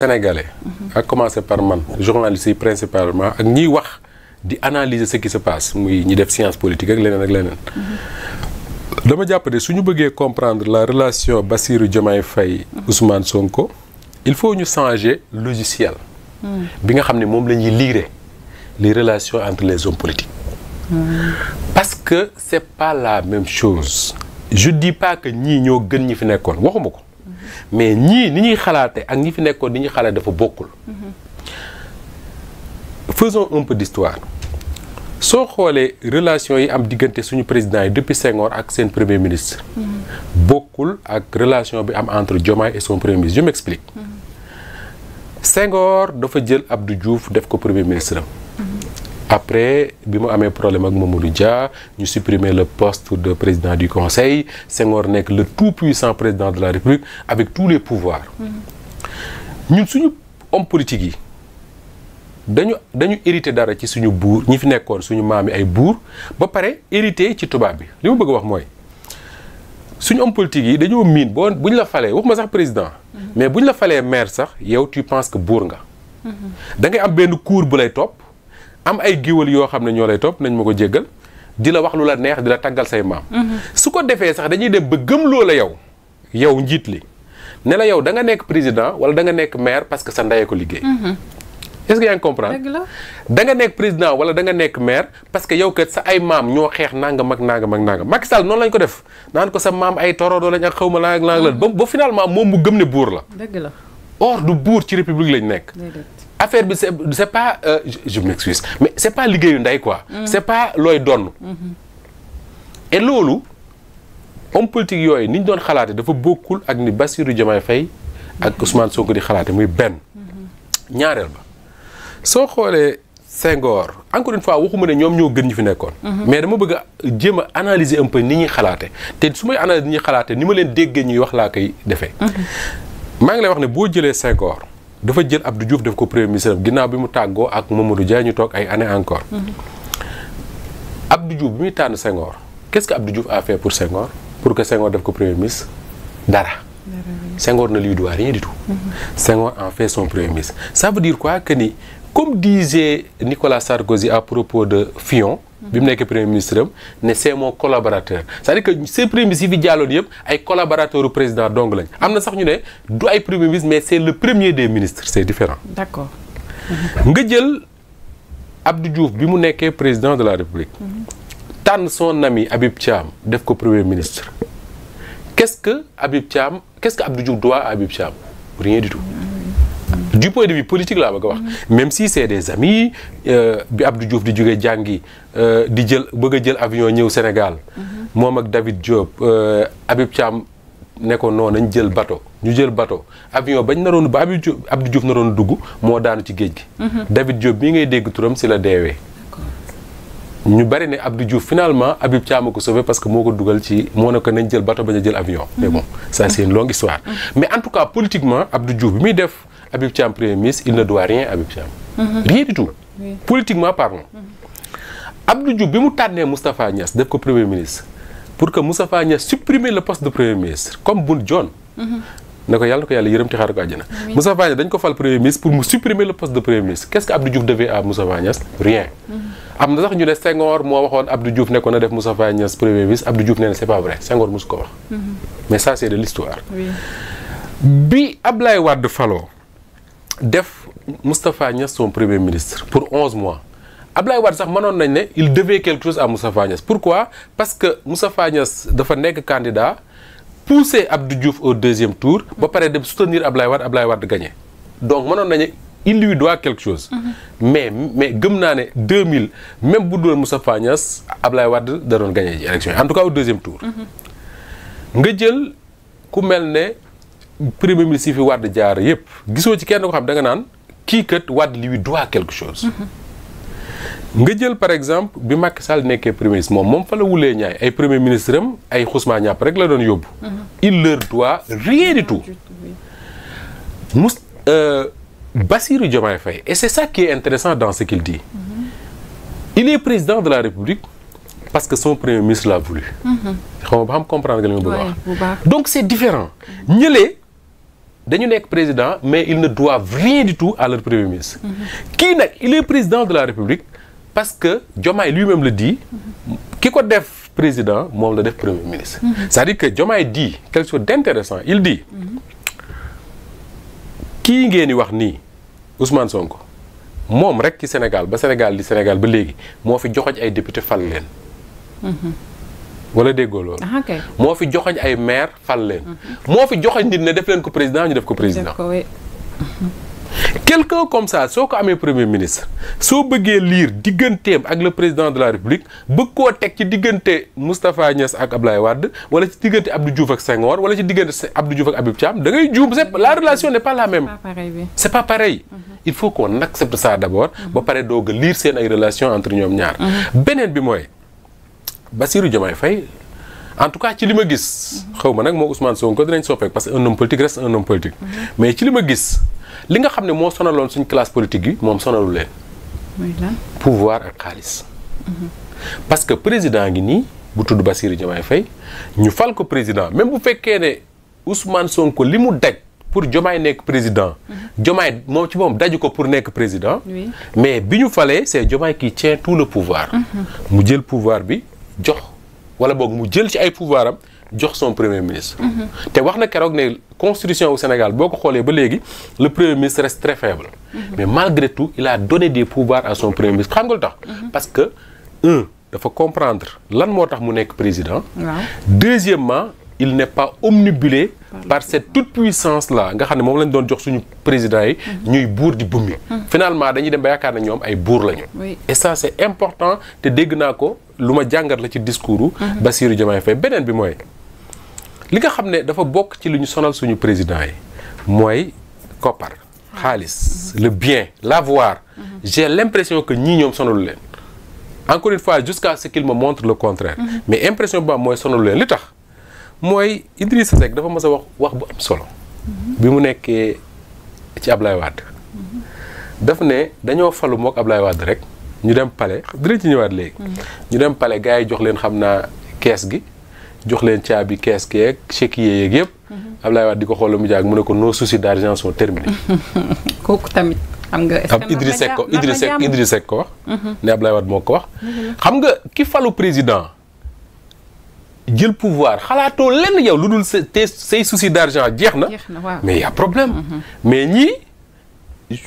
sénégalais ak mhm. commencé par man journalistes yi principalement ak ñiy wax di analyser ce qui se passe muy ñi def science politique ak leneen ak leneen mhm. dama jàpp ne su ñu bëggee comprendre la relation Bassirou Diomaye Faye mhm. Ousmane Sonko il faut ñu changer logiciel bi nga xam ne moom la ñuy lire les relations entre les hommes politiques parce que c'est pas la même chose je dis pas que ñii ñoo gën ñi fi nekkoon waxuma ko mais ñii ni ñuy xalaate ak ñi fi nekkoon ni ñuy xalaat dafa bokkul faisons un d'histoire soo xoolee relation yi am diggante suñu président yi depuis Senghor ak seen premier ministre bokkul ak relation bi am entre Diomaye et son premier ministre je m'explique Senghor dafa jël ab du juuf def ko premier ministre après bi mu amee problème ak Mamadou Dia ñu supprimer le poste de président du conseil Senghor nekk le tout puissant président de la république avec tous les pouvoirs mm-hmm. ñun suñu homme politique yi dañu dañu hérité dara ci suñu buur ñi fi nekkoon suñu maam yi ay buur ba pare hérité ci tubaab bi li ma bëgg a wax mooy suñu homme politique yi dañoo miin boo bu ñu la falee waxuma sax président mm-hmm. mais bu ñu la falee maire sax yow tu penses que buur nga mm-hmm. da ngay am benn cour bu lay topp am ay géwal yoo xam ne ñoo lay topp nañ ma ko jéggal di la wax lu la neex di la tàggal say maam. Mm-hmm. su ko defee sax dañuy def ba gëm loo la yow yow njiit li ne la yow da nga nekk président wala danga nekk maire parce que sa ndey ko liggéey. Mm-hmm. est-ce que yaa ngi comprendre da wala da nga nekk maire parce que yow kat sa ay maam ñoo xeex nangam ak nangam ak nangam Macky Sall noonu lañ ko def naan ko sa maam ay torodo lañ ak xawma ma laag la ba ba finalement moom mu gëm ne buur la. dëgg la or du buur ci république lañ nekk. affaire bi c'est c'est pas euh, je, je mais c'est pas liggéeyu ndey quoi. Mm. c'est pas looy donn mm et loolu homme politique yooyu ni ñu doon xalaate dafa bokkul ak ni Bassirou Diomaye Faye ak mm-hmm. Ousmane Sonko di xalaate muy benn. Mm-hmm. ñaareel ba soo xoolee Senghor encore une fois waxuma ne ñoom ñoo gën ñu fi nekkoon. mais dama bëgg a jéem a analyser ni ñuy xalaate te su may analyser ni ñuy xalaate ni ma leen déggee ñuy wax laa koy defee. maa ngi lay wax ne boo jëlee Senghor dafa jël ab Abdou Diouf def ko premier ministre ginnaaw bi mu tàggoo ak Mamadou jaay ñu toog ay années encore. Mm-hmm. du Diouf bi muy tànn Senghor qu'est-ce que Abdou Diouf a fait pour Senghor pour que Senghor def ko premier ministre dara. Senghor na lui doit rien du tout. Mm-hmm. Senghor en fait son premier ministre. ça veut dire quoi que ni comme disait Nicolas Sarkozy à propos de fion bi mu nekkee premier ministre am ne c'est mon collaborateur cest à que ces premiers ministres yi fi jàlloon yëpp ay collaborateurs u président dong lañ am na sax ñu ne du ay premier ministre mais c'est le premier des ministres c'est différent d'accord nga jël Abdou Diouf bi mu nekkee président de la République tànn son nami Habib Thiam def ko premier ministre kes ce que Habib Thiam qu'est-ce que Abdou Diouf doit à Habib Thiam rien du du point de vue politique laa ba a wax. même si c'est des amis euh, bi Abdou Diouf di jógee jàngi euh, di jël bëgg a jël avion ñëw Sénégal. moom ak David Diop euh, Habib Thiam ne ko nañ jël bateau ñu jël bateau avion bañ naroon ba Abdou Diouf naroon dugg moo daanu ci géej gi. Mhm. David Diop bii ngay dégg turam si la deewee. ñu bari ne Abdou Diouf finalement Habib Thiam parce que moo ko dugal ci moo ne ko nañ jël bateau bañ a jël avion. sa bon ça c'est une longue histoire. Mhm. mais en tout cas politiquement Abdou Diouf bi muy def. Habib Thiam premier ministre il ne doit rien Habib Thiam. Mhm. rien du tout. politiquement parlant. Mhm. Abdou bi mu tànnee Moustapha Niass def ko premier ministre pour que Moustapha Niass supprimer le poste de premier ministre comme Boun Dionne. Mhm. na ko yàlla na ko yàlla yërëm ci xaaral ko àjjana. Moustapha Niass dañ ko fal premier ministre pour mu supprimer le poste de premier ministre quest que Abdou Diouf devait à Moustapha rien. am na sax ñu ne Senghor moo waxoon Abdou Diouf ne ko na def Moustapha Niass premier ministre Abdou Diouf nee na c'est pas vrai Senghor mosu ko wax. mais ça c'est de l'histoire. bi Ablaye Wade faloo def Moustapha Niass son premier ministre pour onze mois Ablaye Wade sax mënoon nañ ne il devait quelque chose à Moustapha Niass pourquoi parce que Moustapha Niass dafa nekk candidat poussé Abdou Diouf au deuxième tour. ba pare dem soutenir Ablaye ab lay Wade gagné donc mënoon nañu il lui doit quelque chose. Mhm. mais mais gëm naa ne 2000 même bu doon Moustapha Niass Ablaye wadd da doon gagné ji élection yi en tout cas au deuxième tour. Mhm. nga jël ku mel ne. premier ministre yi fi Wade jaar yépp gisoo ci kenn ko xam da nga naan kii kat Wade lui doit quelque chose. nga jël par exemple bi Macky Sall nekkee premier ministre moom moom fa la wulee ñaay ay premier ministre am ay Ousmane ñàpp rek la doon yóbbu. il leur doit rien du tout. mus euh, Bassirou et c'est ça qui est intéressant dans ce qu'il dit. il est président de la République. parce que son premier ministre l'a voulu. Mm-hmm. xam a wax. donc c'est différent ñële dañu nekk président mais ils ne doivent rien du tout à leur premier ministre. Mhm. kii nag il est président de la république parce que Diomaye lui-même la di mhm. ki ko def président moom la def premier ministre. Mhm. c'est-à-dire que Diomaye dit quelque chose d'intéressant il dit. kii ngeen wax nii Ousmane Sonko moom rek ci Sénégal ba Sénégal di Sénégal ba léegi moo fi joxoj ay député fal leen. wala déggoo loolu. Ah, moo fi joxoñ ay maire fal leen. Mm-hmm. moo fi joxoñ nit ne def leen ko président ñu def ko président. Mm-hmm. quelqu'un comme ça soo ko amee premier ministre soo bëggee liir digganteem ak le président de la république bëgg koo teg ci diggante Moustapha Niass ak Ablaye Wade wala ci diggante Abdou Diouf ak Senghor wala ci diggante Abdou Diouf ak Habib Thiam da ngay juum c'est la relation n'est pas la même c'est pas pareil mm-hmm. il faut qu'on accepte ça d'abord ba pare doog liir seen ay relation entre ñoom ñaar beneen bi Bassirou Diomaye fay en tout cas ci li ma gis. xaw ma nag moo Ousmane Sonko dinañ soppeeku parce que un homme politique reste un homme politique. Mhm. mais ci li ma gis li nga xam ne moo sonaloon suñ classe politique yi moom sonalu leen. muy pouvoir ak xaalis. Mhm. parce que président ngi nii bu tudd Bassirou Diomaye fay ñu fal ko président même bu fekkee ne Ousmane Sonko li mu daj. pour Diomaye nekk président. Mhm. Diomaye moom ci moom daju ko pour nekk président. mais bi ñu falee c'est Diomaye qui tient tout le pouvoir. mu jël pouvoir bi. jox wala boog mu jël ci ay pouvoir jox son premier ministre. Mhm. te wax na keroog ne constitution au Sénégal boo ko xoolee ba léegi le premier ministre reste très faible. Mhm. mais malgré tout il a donné des pouvoirs à son premier ministre xam nga lu tax. Mhm. parce que un dafa comprendre lan moo tax mu nekk président. Ouais. deuxièmement il n'est pas omnibulé par cette toute puissance la nga xam ne moom lañ doon jox suñu président yi mhm. ñuy buur di bummi mhm. finalement dañuy dem ba yaakaar ne ñoom ay buur lañu et ça important te dégg naa ko lu ma jàngat la ci discours mhm. Bassirou Diomaye Faye beneen bi mooy li nga xam ne dafa bokk ci lu ñu sonal suñu président yi mooy koppar xaalis le bien l'avoir j'ai l'impression que ñii ñoom sonalu leen encore une fois jusqu'à ce qu'il me montre le contraire mais impression mooy sonalu leen li tax mooy Idrissa Seck dafa mës a wax wax bu am solo. Mhm. bi mu nekkee ci Ablaye Wade. Mhm. daf ne dañoo falu mook ablaay Wade rek ñu dem pale dina ci mhm. ñu dem pale gars yi jox leen xam naa kees gi jox leen caabi kees gi yeeg chéquier yeeg yëpp. Ablaye Wade di ko xool mu jaag mu ne ko nos soucis d'argent sont terminés. kooku tamit xam nga. est-ce que ko Idrissa Seck Idrissa Seck ko wax. ne Ablaye Wade moo ko wax. xam nga ki falu président. jël pouvoir xalaatoo lenn yow lu dul te say souci d'argent jeex na. mais y problème. Mm-hmm. mais ñii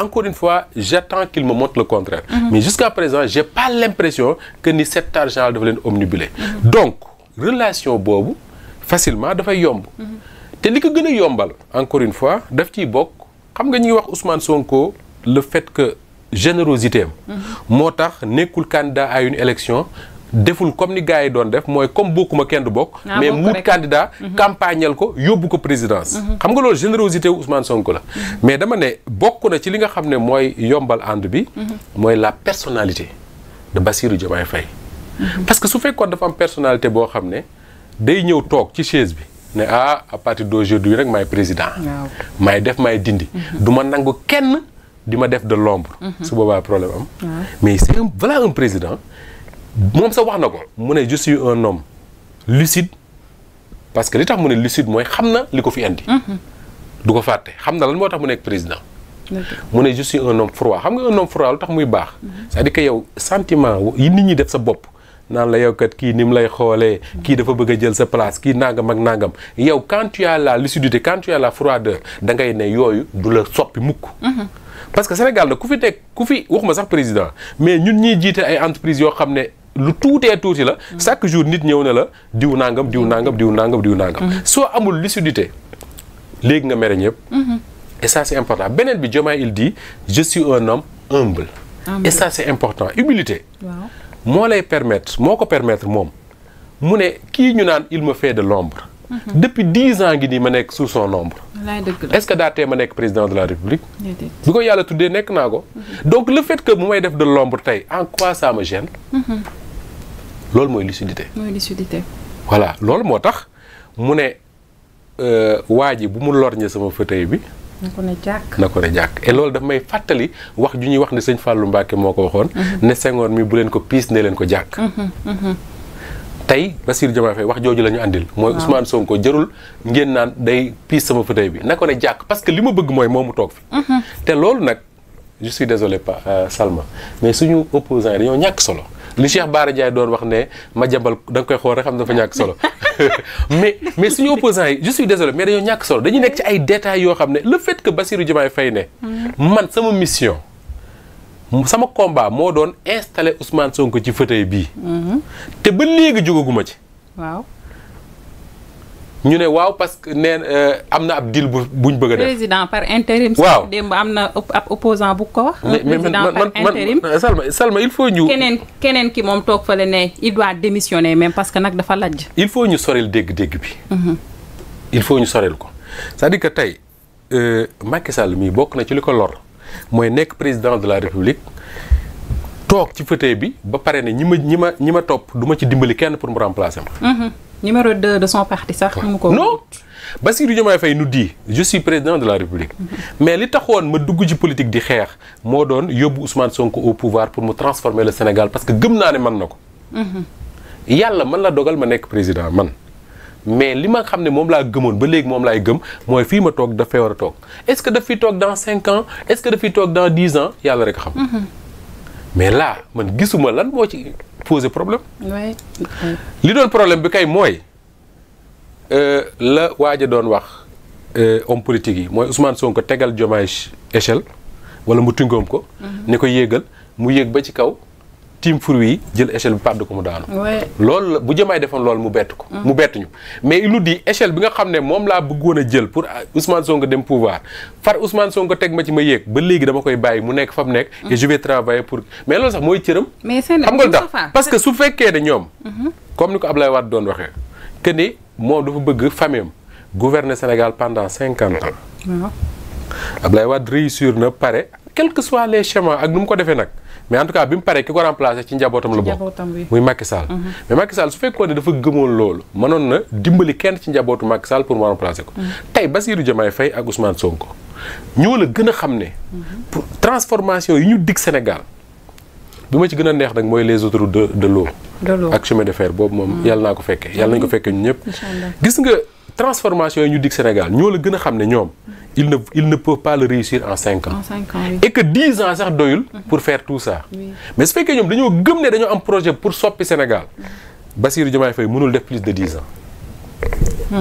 encore une fois j'attends qu'il me montre le contraire. Mm-hmm. mais jusqu'à présent j'ai pas l'impression que ni cet argent dafa leen omnibuler. Mm-hmm. donc relation boobu facilement dafay yomb. te li ko gën a yombal encore une fois daf ci bokk xam nga ñu ngi wax Ousmane Sonko le fait que générosité moo tax nekkul candidat à une élection deful comme ni gars yi doon def mooy comme bokkuma kenn du bokk. Ah, mais muut candidat. Mhm. campagnal ko yóbbu ko présidence. Mhm. xam nga loolu générosité wu Ousmane Sonko la. Mhm. mais dama ne bokk na ci li nga xam ne mooy yombal ànd bi. mooy la personnalité de Bassirou fay parce que su fekkoon dafa am personnalité boo xam ne day ñëw toog ci chaise bi. ne ah à partir d'aujourd'hui rek maay président. maay def may dindi. du ma nangu kenn di ma def de l'ombre. su boobaa problème am. mais c'est président. moom sa wax na ko mu ne je suis un homme lucide parce que li tax mu ne lucide mooy xam na li ko fi indi. Mhm. du ko fàtte xam na la moo tax mu nekk président. mu ne je suis un homme froid xam nga un homme froid lu tax muy baax. Mhm. c'est-à-dire que yow sentiment yi nit ñi def sa bopp. naan la yow kat kii ni mu lay xoolee. Mhm. kii dafa bëgg a jël sa place kii nangam ak nangam yow quand tu as la lucidité quand tu as la froideur da ngay ne yooyu du la soppi mukk. parce que Sénégal nag ku fi ku fi waxuma sax président mais ñun ñuy jiite ay entreprises yoo xam ne. lu tuutee tuuti la chaque jour nit ñëw ne la diw nàngam diw nàngam diw nangam diw nangam mhm. soo amul lucidité léegi nga mere ñëpp mhm. et ça c'est important beneen bi Diomaye il dit je suis un humble et ça c'est important humilité moo lay permettre moo ko permettre moom mu ne kii ñu naan il me fait de l'ombre mhm. depuis dix ans ngi nii ma nekk sous son ombre est-ce que daa tee ma nekk président de la république bi ko yàlla tuddee nekk naa ko donc le fait que mu may def de l'ombre tey en quoi ça me loolu mooy lucidité. mooy lucidité. voilà loolu moo tax mu ne euh, waa ji bu mu lorñe sama fauteuil bi. na ko ne jàkk na ko ne loolu daf may fàttali wax ju ñuy wax ne sëñ fàllu Mbacke moo ko waxoon. Mhm. ne Senghor mi bu leen ko piis ne leen ko jàkk. Mhm, mhm. tey Bassirou Diomaye Faye wax jooju lañu àndil. mooy Ousmane Sonko jërul ngeen naan day piis sama fauteuil bi na ko ne jàkk parce que li ma bëgg mooy moom mu toog fi. te loolu nag je suis désolé pas euh, Salma mais suñu opposants yi dañoo ñàkk solo. li Cheikh Bara Ndiaye doon wax ne ma jambal da nga koy xool rek xam dafa ñàkk solo mais mais suñu opposants yi je suis désolé mais dañoo ñàkk solo dañu nekk ci ay détails yoo xam ne le fait que Bassirou Diomaye Faye ne man sama mission sama combat moo doon installer Ousmane Sonko ci fauteuil bii mhm. te ba léegi jógaguma ci ñu ne waaw parce que nee euh, am na ab deal bu buñ bëgg a def. président par intérim. waaw démb am na ab opposant bu ko wax. président par intérim Salma Salma il faut ñu. keneen keneen ki moom toog fale ne il doit démissionner mais parce que nag dafa lajj. il faut ñu sorel dégg-dégg bi. Mhm. il faut ñu sorel ko cest à que tey euh, Macky Sall mii bokk na ci li ko lor mooy nekk président de la République. toog ci fauteuil bi ba pare ne ñi ma ñi ma ñi ma topp duma ci dimbali kenn pour mu remplacer ma. Mm-hmm. numéro 2 de son parti sax. mu ko non Bassirou Diomaye Faye nu di je suis président de la République. Mm-hmm. mais li taxoon ma dugg ci politique di xeex moo doon yóbbu Ousmane Sonko au pouvoir pour mu transformer la Sénégal parce que gëm naa ne man na ko. Mm-hmm. yàlla man la dogal ma nekk président man. mais li ma xam ne moom laa gëmoon ba léegi moom laay gëm mooy fii ma toog dafay war toog est-ce que daf toog dans cinq ans est-ce que toog dans dix ans yàlla rek xam. mais laa man gisuma lan moo ci poser problème. li doon problème bi kay mooy euh, la waaj a doon wax euh, homme politique yi mooy Ousmane ko tegal Diomaye échelle wala mu tungoom ko. Mhm. ni ko yéegal mu yéeg ba ci kaw. tiim fur wi jël échelle bi pàdd ko mu daanu. loolu la bu jëmaay defoon lool mu bett ko. Mm. mu bett ñu mais il nous dit bi nga xam ne moom laa bëggoon a jël pour Ousmane Sonko dem pouvoir far Ousmane Sonko teg ma ci ma yéeg ba léegi dama koy bàyyi mu nekk fa mu nekk. Mm. et je vais pour mais loolu sax mooy cëram. mais xam nga tax fekkee ne ñoom. Mm-hmm. comme ni ko Ablaye Wade doon waxee que ni moom dafa bëgg famille am gouverner Sénégal pendant cinquante ans. waaw Ablaye Wade réussir na pare quel que soit les chemins ak nu mu ko defee nag. mais en tout cas bi mu paree ki ko remplacé ci njabootam la bokk muy Macky Sall mhm. mais Macky Sall su fekkoon ne dafa gëmoon loolu mënoon na dimbali kenn ci njabootu Macky Sall pour mu remplacer ko mhm. tey Bassirou Diomaye Faye ak Ousmane Sonko ñoo la gën a xam ne mhm. pour transformation yi ñu dig Sénégal bi ma ci gën a neex nag mooy les autoroutes de de l'eau ak chemin de fer boobu moom yàlla naa ko fekkee yàlla nañu ko fekkee ñu ñëpp gis nga transformation yi ñu dig Sénégal ñoo la gën a xam ne ñoom il ne il ne peut pas le réussir en cinq ans. en cinq ans oui. et dix ans sax doyul. pour faire tout ça. Oui. mais su fekkee ñoom dañoo gëm ne dañoo am projet pour soppi Sénégal Bassirou Diomaye Faye mënul def plus de dix ans.